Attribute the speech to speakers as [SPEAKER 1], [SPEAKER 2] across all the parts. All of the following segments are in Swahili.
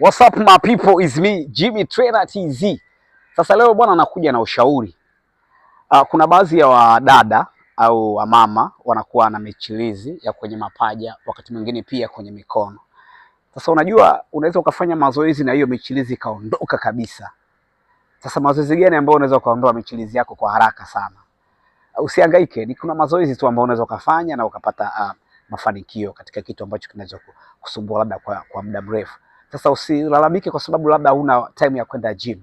[SPEAKER 1] What's up my people, is me Jimmy Trainer TZ. Sasa leo bwana nakuja na ushauri. Uh, kuna baadhi ya wadada au wamama wanakuwa na michirizi ya kwenye mapaja, wakati mwingine pia kwenye mikono. Sasa unajua unaweza ukafanya mazoezi na hiyo michirizi ikaondoka kabisa. Sasa mazoezi gani ambayo unaweza ukaondoa michirizi yako kwa haraka sana? Uh, Usihangaike, ni kuna mazoezi tu ambayo unaweza ukafanya na ukapata uh, mafanikio katika kitu ambacho kinaweza kusumbua labda kwa, kwa muda mrefu. Sasa usilalamike kwa sababu labda una time ya kwenda gym.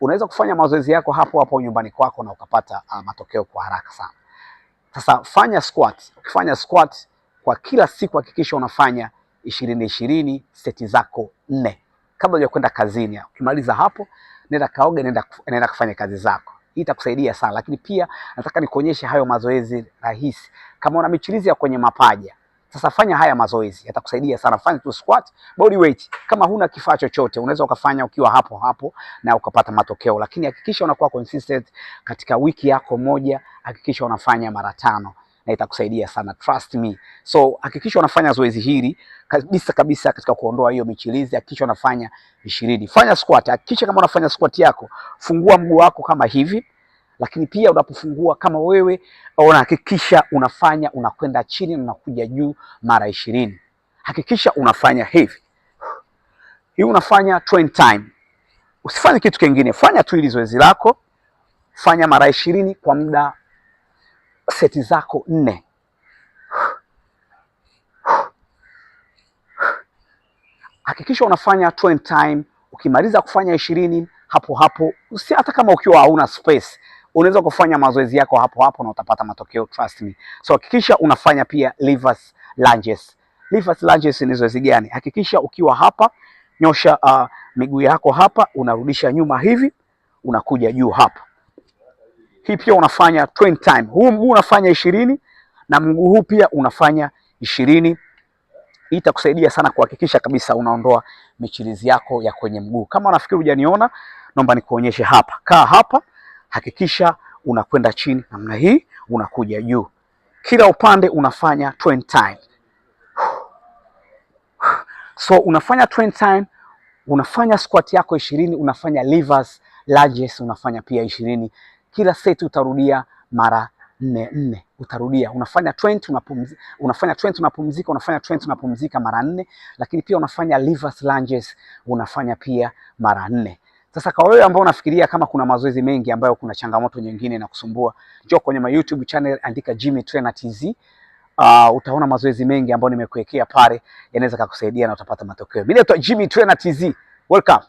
[SPEAKER 1] Unaweza kufanya mazoezi yako hapo hapo nyumbani kwako na ukapata uh, matokeo kwa haraka sana. Sasa fanya squat. Ukifanya squat kwa kila siku hakikisha unafanya ishirini ishirini seti zako nne kabla ya kwenda kazini. Ukimaliza hapo, nenda kaoge, nenda nenda kufanya kazi zako. Hii itakusaidia sana, lakini pia nataka nikuonyeshe hayo mazoezi rahisi. Kama una michirizi ya kwenye mapaja, sasa fanya haya mazoezi, yatakusaidia sana. Fanya tu squat, body weight. Kama huna kifaa chochote, unaweza ukafanya ukiwa hapo hapo na ukapata matokeo, lakini hakikisha unakuwa consistent katika wiki yako moja, hakikisha unafanya mara tano na itakusaidia sana, trust me. So hakikisha unafanya zoezi hili kabisa kabisa katika kuondoa hiyo michirizi, hakikisha unafanya ishirini. Fanya squat, hakikisha kama unafanya squat yako, fungua mguu wako kama hivi lakini pia unapofungua kama wewe, unahakikisha unafanya unakwenda chini na unakuja juu mara ishirini. Hakikisha unafanya hivi hii, unafanya 20 time, usifanye kitu kingine, fanya tu hili zoezi lako, fanya mara ishirini kwa muda seti zako nne. Hakikisha unafanya 20 time. Ukimaliza kufanya ishirini hapo hapo, hata kama ukiwa hauna space unaweza kufanya mazoezi yako hapo hapo na utapata matokeo, trust me. So hakikisha unafanya pia reverse lunges. Reverse lunges ni zoezi gani? Hakikisha ukiwa hapa, nyosha uh, miguu yako hapa, unarudisha nyuma hivi, unakuja juu hapa. Hii pia unafanya 20 time. Huu mguu unafanya ishirini na mguu huu pia unafanya ishirini itakusaidia sana kuhakikisha kabisa unaondoa michirizi yako ya kwenye mguu. Kama unafikiri hujaniona, naomba nikuonyeshe hapa. Kaa hapa, hakikisha unakwenda chini namna hii, unakuja juu, kila upande unafanya 20 time. So unafanya 20 time, unafanya squat yako ishirini, unafanya levers lunges unafanya pia ishirini. Kila set utarudia mara nne nne, utarudia unafanya 20 unapumzika, unafanya 20 unapumzika, unafanya 20 unapumzika mara nne, lakini pia unafanya levers lunges unafanya pia mara nne. Sasa kwa wewe ambao unafikiria kama kuna mazoezi mengi ambayo kuna changamoto nyingine na kusumbua, njoo kwenye my YouTube channel, andika Jimmy Trainer TZ. Uh, ah, utaona mazoezi mengi ambayo nimekuwekea pale, yanaweza kukusaidia na utapata matokeo. Mimi naitwa Jimmy Trainer TZ. Welcome.